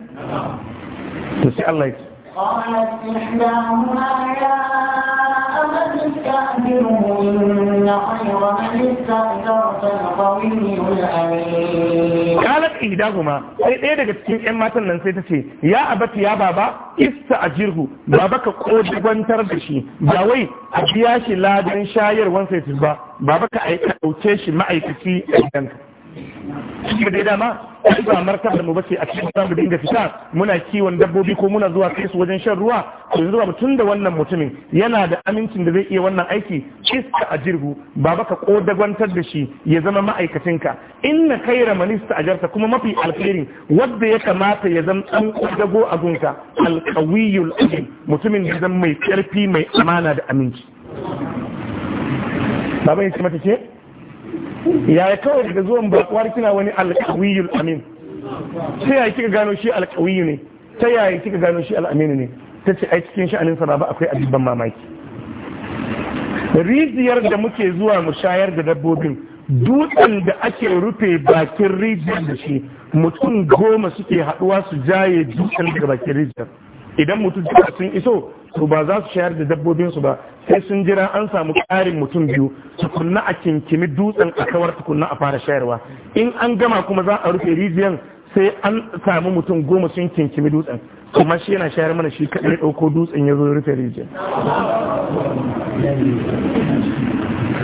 to sai Allah ya قالت إحداهما يا أبت استأجره إن خير من استأجرت القوي الأمين قالت إحداهما sai ɗaya daga cikin 'yan matan nan sai ta ce ya abata ya baba ista a jirhu baba ka kodigwantar da shi ba wai a biya shi ladan shayarwan sai ba baba ka ɗauke shi ma'aikaci a gidanka shi da dama ba da mu bace a cikin zamu da dinga fita muna kiwon dabbobi ko muna zuwa kai su wajen shan ruwa to yanzu ba mutum da wannan mutumin yana da amincin da zai iya wannan aiki iska a jirgu baba ka kodagwantar da shi ya zama ma'aikacinka inna kaira manista ajarta kuma mafi alkhairi wanda ya kamata ya zama dan dago a gunka alqawiyul amin mutumin da zama mai karfi mai amana da aminci baba ya ce mata ce yaya kawai daga zuwan bakwar kina wani alkawiyul amin sai yaya kika gano shi alkawiyu ne ta yaya kika gano shi al'aminu ne ta ce ai cikin sha'anin sa ba akwai abin mamaki rijiyar da muke zuwa mu shayar da dabbobin dutsen da ake rufe bakin rijiyar da shi mutum goma suke haduwa su jaye dutsen daga bakin rijiyar idan mutum sun iso to ba za su shayar da dabbobinsu ba sai sun jira an samu ƙarin mutum biyu tukunna a kinkimi dutsen a kawar tukunna a fara shayarwa in an gama kuma za a rufe rijiyan sai an samu mutum goma sun kinkimi dutsen kuma shi yana shayar mana shi kaɗai ɗauko dutsen ya zo rufe rijiyan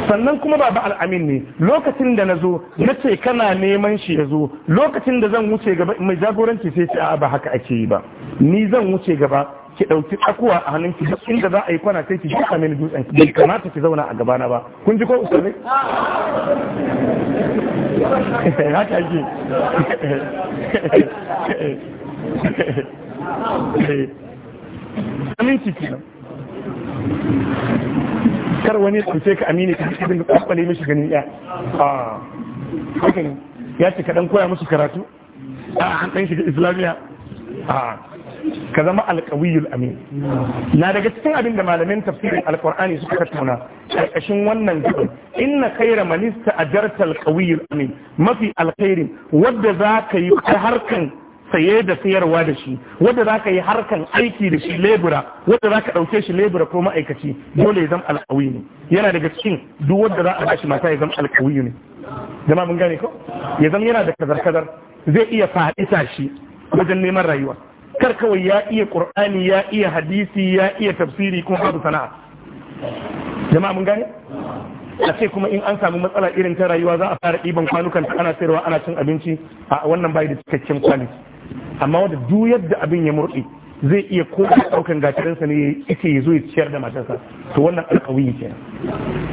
sannan kuma baba al'amin ne lokacin da na zo na ce kana neman shi ya zo lokacin da zan wuce gaba mai jagoranci sai ce a ba haka ake yi ba ni zan wuce gaba ki ɗauki tsakuwa a hannun ki duk inda za a yi kwana sai ki shi kamar dutsen ki kamata ki zauna a gabana ba kun ji ko usani haka ji aminci kenan kar wani tsuce ka amini ka cikin kwakwale mishi ganin ya a ya ce kaɗan koya musu karatu a an ɗan shiga islamiyya a ka zama alkawiyul amin na daga cikin abin da malamin tafsirin alkur'ani suka tattauna karkashin wannan gaba inna khaira manista ajarta alkawiyul amin mafi alkhairin wadda za ka yi harkan saye da sayarwa da shi wadda za ka yi harkan aiki da shi lebura wadda za ka ɗauke shi lebura ko ma'aikaci dole ya zama alkawi ne yana daga cikin duk wadda za a bashi mata ya zama alkawi ne zama mun gane ko ya zama yana da kazar-kazar zai iya fa'ita shi wajen neman rayuwa kar kawai ya iya ƙur'ani ya iya hadisi ya iya tafsiri kuma haɗu sana'a jama'a mun gane a ce kuma in an samu matsala irin ta rayuwa za a fara ɗiban kwanukan ta ana sayarwa ana cin abinci a wannan bai da cikakken kwaliti amma wanda duk yadda abin ya murɗe zai iya da ɗaukan gatarinsa ne yake ya zo ya ciyar da matarsa to wannan alƙawiyi ke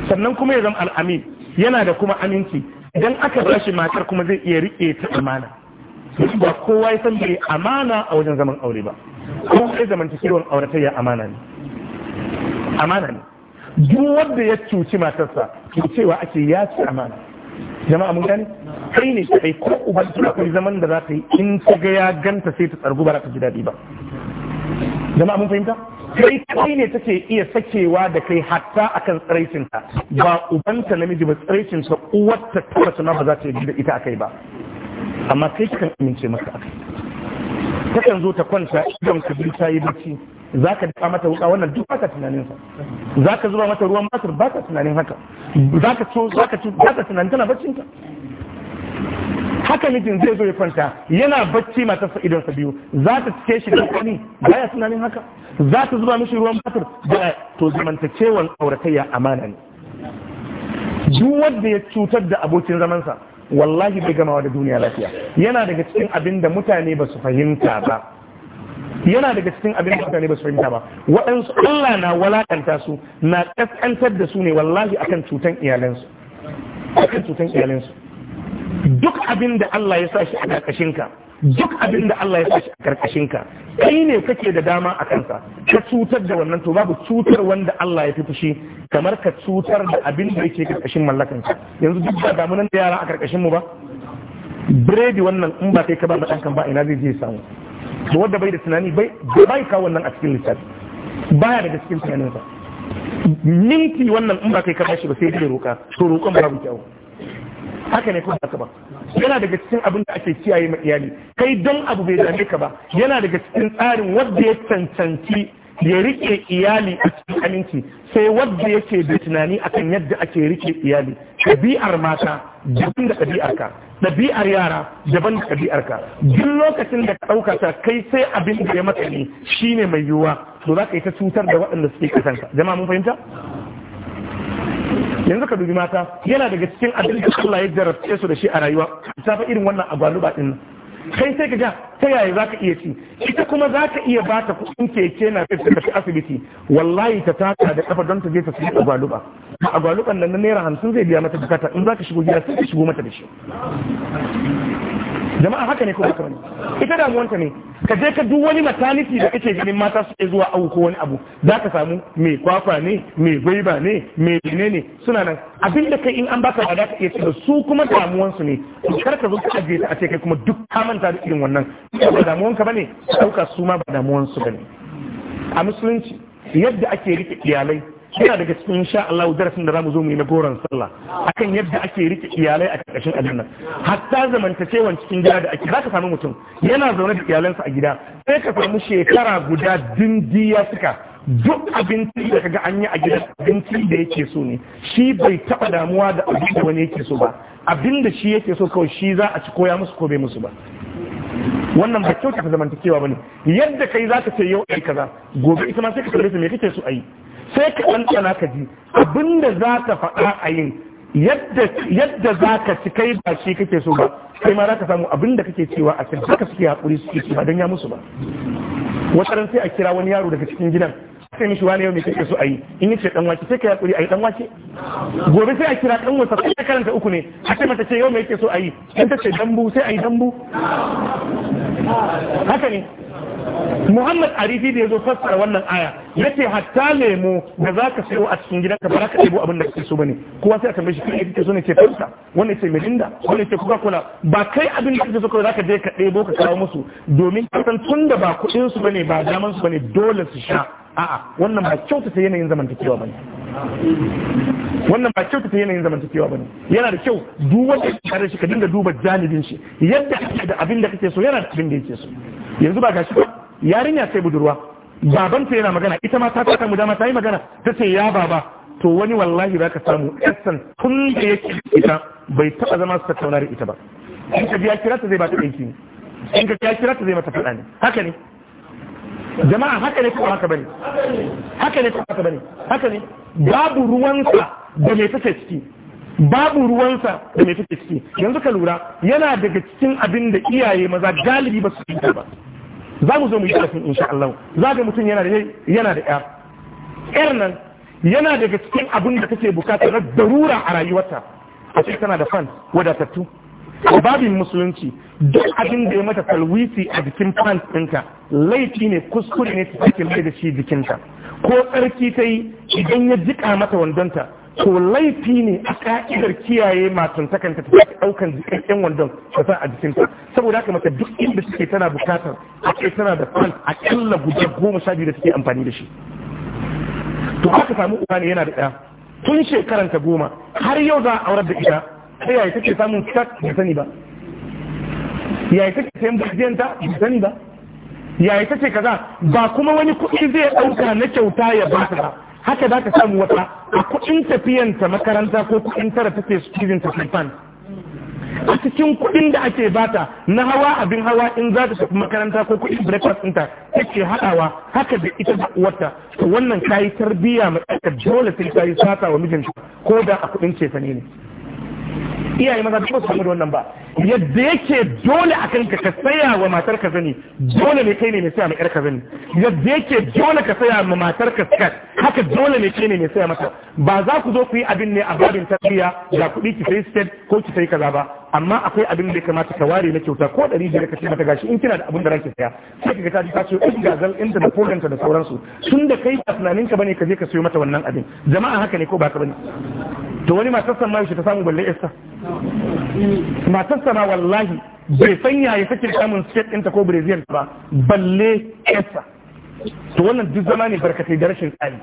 sannan kuma ya zama al'amin yana da kuma aminci idan aka bashi matar kuma zai iya riƙe ta amana ba kowa ya san bai amana a wajen zaman aure ba ko kai zamantakewar auratayya amana ne amana ne duk wanda ya cuci matarsa to cewa ake ya ci amana jama'a mun gane kai ne kai ko uban ta kai zaman da za ta yi in ta ga ya ganta sai ta tsargu ba za ta ji daɗi ba jama'a mun fahimta kai kai ne take iya sakewa da kai hatta akan tsiraicinta ba ubanta namiji ba tsiraicinta uwarta ta ta ma ba za ta yi da ita akai ba amma kai kan amince maka akai kan zo ta kwanta idan ka bi ta yi bacci za ka dafa mata wuka wannan duk baka tunanin sa za ka zuba mata ruwan masar baka tunanin haka za ka so za ka za ka tunanin tana baccin ka haka mijin zai zo ya kwanta yana bacci sa idan sa biyu za ta cike shi da ba baya tunanin haka za ta zuba mishi ruwan masar da to zamantakewan auratayya amana ne duk wanda ya cutar da abokin zamansa wallahi bai gamawa da duniya lafiya yana daga cikin abin da mutane ba su fahimta ba yana daga cikin abin da mutane ba su fahimta ba waɗansu Allah na walakanta su na ƙasƙantar da su ne wallahi akan cutan iyalansu akan cutan iyalansu duk abin da Allah ya sa shi a ka duk abin da Allah ya fashi a karkashin ka kai ne kake da dama a kansa ka cutar da wannan to babu cutar wanda Allah ya fi fushi kamar ka cutar da abin da yake karkashin mallakan ka yanzu duk ba damu nan da yara a karkashin mu ba biredi wannan in ba kai ka ba dan kan ba ina zai je samu to wanda bai da tunani bai bai ka wannan a cikin lissafi baya daga cikin tunaninsa ninki wannan in ba kai ka bashi ba sai dai roka to roƙon babu kyau haka ne kuma haka ba yana daga cikin abin da ake kiyaye ma iyali kai don abu bai dame ka ba yana daga cikin tsarin wanda ya cancanci ya rike iyali a cikin aminci sai wanda yake da tunani akan yadda ake rike iyali ɗabi'ar mata daban da ɗabi'ar ka ɗabi'ar yara daban da ɗabi'ar ka duk lokacin da ka ɗauka ta kai sai abin da ya matsani shine mai yiwuwa to za ka yi ta cutar da waɗanda suke kasanka jama'a mun fahimta yanzu ka dubi mata yana daga cikin abin da Allah ya jarabce su da shi a rayuwa ta fa irin wannan agwaluba din kai sai ka ga ta yaya zaka iya ci ita kuma za iya ba ta kuɗin keke na fi tafi asibiti wallahi ta taka da kafa don ta je ta saka agwaluba a agwaluban nan na naira hamsin zai biya mata bukata in zaka ka shigo gida sai ka shigo mata da shi jama'a haka ne ko haka ita damuwanta ne ka je ka duk wani mataliti da kake ganin mata su zuwa auku wani abu za ka samu mai kwakwa ne mai gwaiba ne mai bine ne suna nan abin da kai in an baka wada ka iya ce su kuma damuwansu ne kar ka zo ka ajiye ta a ce kai kuma duk ka manta da irin wannan ba damuwanka bane ka dauka su ma ba damuwansu bane a musulunci yadda ake rike iyalai yana daga cikin insha Allah darasin da zamu zo mu yi na goron sallah akan yadda ake rike iyalai a karkashin aljanna hatta zamantakewan cikin gida da ake zaka samu mutum yana zaune da iyalansa a gida sai ka samu shekara guda dindiya suka duk abinci da kaga an yi a gidan abinci da yake so ne shi bai taba damuwa da abin da wani yake so ba abin da shi yake so kawai shi za a ci koya musu ko bai musu ba wannan ba kyauta ta zamantakewa ne. yadda kai ka ce yau ai kaza gobe ita ma sai ka tambaye me kake so yi sai ka ɗanɗana ka ji abinda za ka faɗa a yin yadda za ka ci kai ba shi kake so ba kai ma za ka samu abinda kake cewa a can haka suke haƙuri suke ci ba don ya musu ba wata ran sai a kira wani yaro daga cikin gidan sai mishi wani yau me kake so yi in ce dan wake sai ka yakuri yi dan wake gobe sai a kira dan wasa sai karanta uku ne a ce mata ce yau me kake so a yi, in ta ce dambu sai ayi dambu haka ne Muhammad Arifi da ya zo fassara wannan aya ya ce hatta lemo da za ka sayo a cikin gidanka ba za ka ɗebo abin da kake so bane kowa sai a tambaye shi kai kake so ne ce fanta wanda ce Melinda wanda ce coca cola ba kai abin da kake so kawai za ka je ka ɗebo ka kawo musu domin kasan tun da ba kuɗin su bane ba daman su bane dole su sha a'a wannan ba kyautata yanayin zamantakewa bane wannan ba kyautata yanayin zamantakewa bane yana da kyau duk wanda ya kare shi ka dinga duba janibin shi yadda kake da abin da kake so yana da abin da yake so yanzu ba gashi ba yarinya sai budurwa babanta yana magana ita ma ta ta mu dama ta yi magana ta ce ya baba to wani wallahi za ka samu yasan tun da yake ita bai taba zama su tattauna da ita ba in ka biya kira ta zai ba ta ɗinki ne in ka biya kira ta zai mata faɗa ne haka ne jama'a haka ne kuma haka bane haka ne kuma haka bane haka ne babu ruwansa da mai fice ciki babu ruwansa da mai fice ciki yanzu ka lura yana daga cikin abin da iyaye maza galibi ba su yi ba za mu zo mu yi kafin insha Allah za ga mutum yana da yana da yar yar nan yana daga cikin abin da take bukata na darura a rayuwarta a cikin tana da fan wadatattu ko babin musulunci duk abin da ya mata talwisi a jikin pant ɗinka laifi ne kuskure ne ta take da shi jikinta ko tsarki ta yi idan ya jika mata wandonta ko laifi ne a ka'idar kiyaye matuntakanta ta sake ɗaukan jikakken wandon ta sa a jikinta saboda haka mace duk inda suke tana bukatar a kai tana da pant a ƙalla guda goma sha biyu da suke amfani da shi to haka samu uba ne yana da ɗaya tun shekaranta goma har yau za a aurar da ita ta yaya take samun skirt ba sani ba yaya take sayan bajiyanta ba sani ba yaya take kaza ba kuma wani kuɗi zai ɗauka na kyauta ya ba ta ba haka za ka samu wata a kuɗin tafiyanta makaranta ko kuɗin tara take student fan a cikin kuɗin da ake bata na hawa abin hawa in za ta tafi makaranta ko kuɗin breakfast ɗinta take haɗawa haka da ita da wata wannan kayi tarbiyya mai dole sai kayi sata wa mijinta ko da a kuɗin cefane ne iyaye maza ba su da wannan ba yadda yake dole a kanka ka saya wa matar ka zani dole ne kai ne mai saya ma yar ka zani yadda yake dole ka saya ma matar ka haka dole ne kai ne mai saya mata ba za ku zo ku yi abin ne a babin tarbiyya ga kuɗi ki sai skat ko ki sai kaza ba amma akwai abin da ya kamata ka ware na kyauta ko ɗari biyar ka ce mata gashi in kina da abin da ranki saya sai ka ta ji ta ce in gazal inda da foganta da sauransu tun da kai ba tunaninka bane ka je ka sayo mata wannan abin jama'a haka ne ko ba ka bane to wani matarsa ma shi ta samu balle esta matarsa ma wallahi bai san yaya take samun state ɗinta ko brazil ba balle esta to wannan duk zama ne barkatai da rashin tsari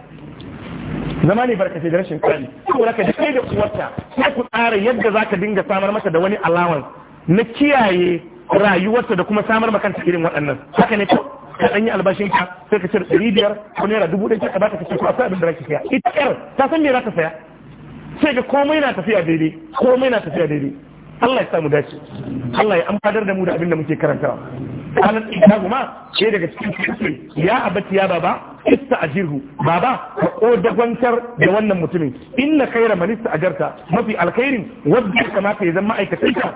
zama ne barkatai da rashin tsari saboda ka dai da uwarta sai ku tsara yadda za ka dinga samar mata da wani allowance na kiyaye rayuwarta da kuma samar makanta irin waɗannan haka ne ka ɗanyi albashin ka sai ka cire ɗari biyar ko naira dubu ɗaya ka bata ka ce ko akwai abin da za ka saya ita ƴar ta san me za ka saya sai ga komai na tafiya daidai komai na tafiya daidai Allah ya samu dace Allah ya amfadar da mu da abin da muke karantawa قالت إحداهما ke daga cikin ya abati ya baba ista'jirhu baba ka kodagwantar da wannan mutumin inna khayra man ista'jarta mafi alkhairin wanda kamata ya zama aikataita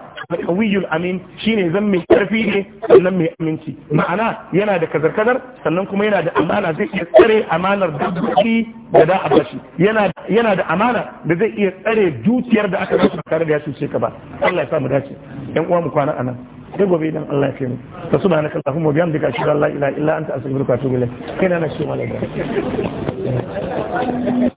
qawiyul amin shine zan mai karfi ne sannan mai aminci ma'ana yana da kazar-kazar sannan kuma yana da amana zai iya tsare amanar dabbobi da da a bashi yana da amana da zai iya tsare dukiyar da aka ba tare da ya cuce ka ba Allah ya sa mu dace 'yan uwa mu kwana anan sai gobe idan Allah ya fi mu ta suna na kallafin mu biyan duka shirar la'ila ila an ta asibiru kwatu gile kai na na shi malaga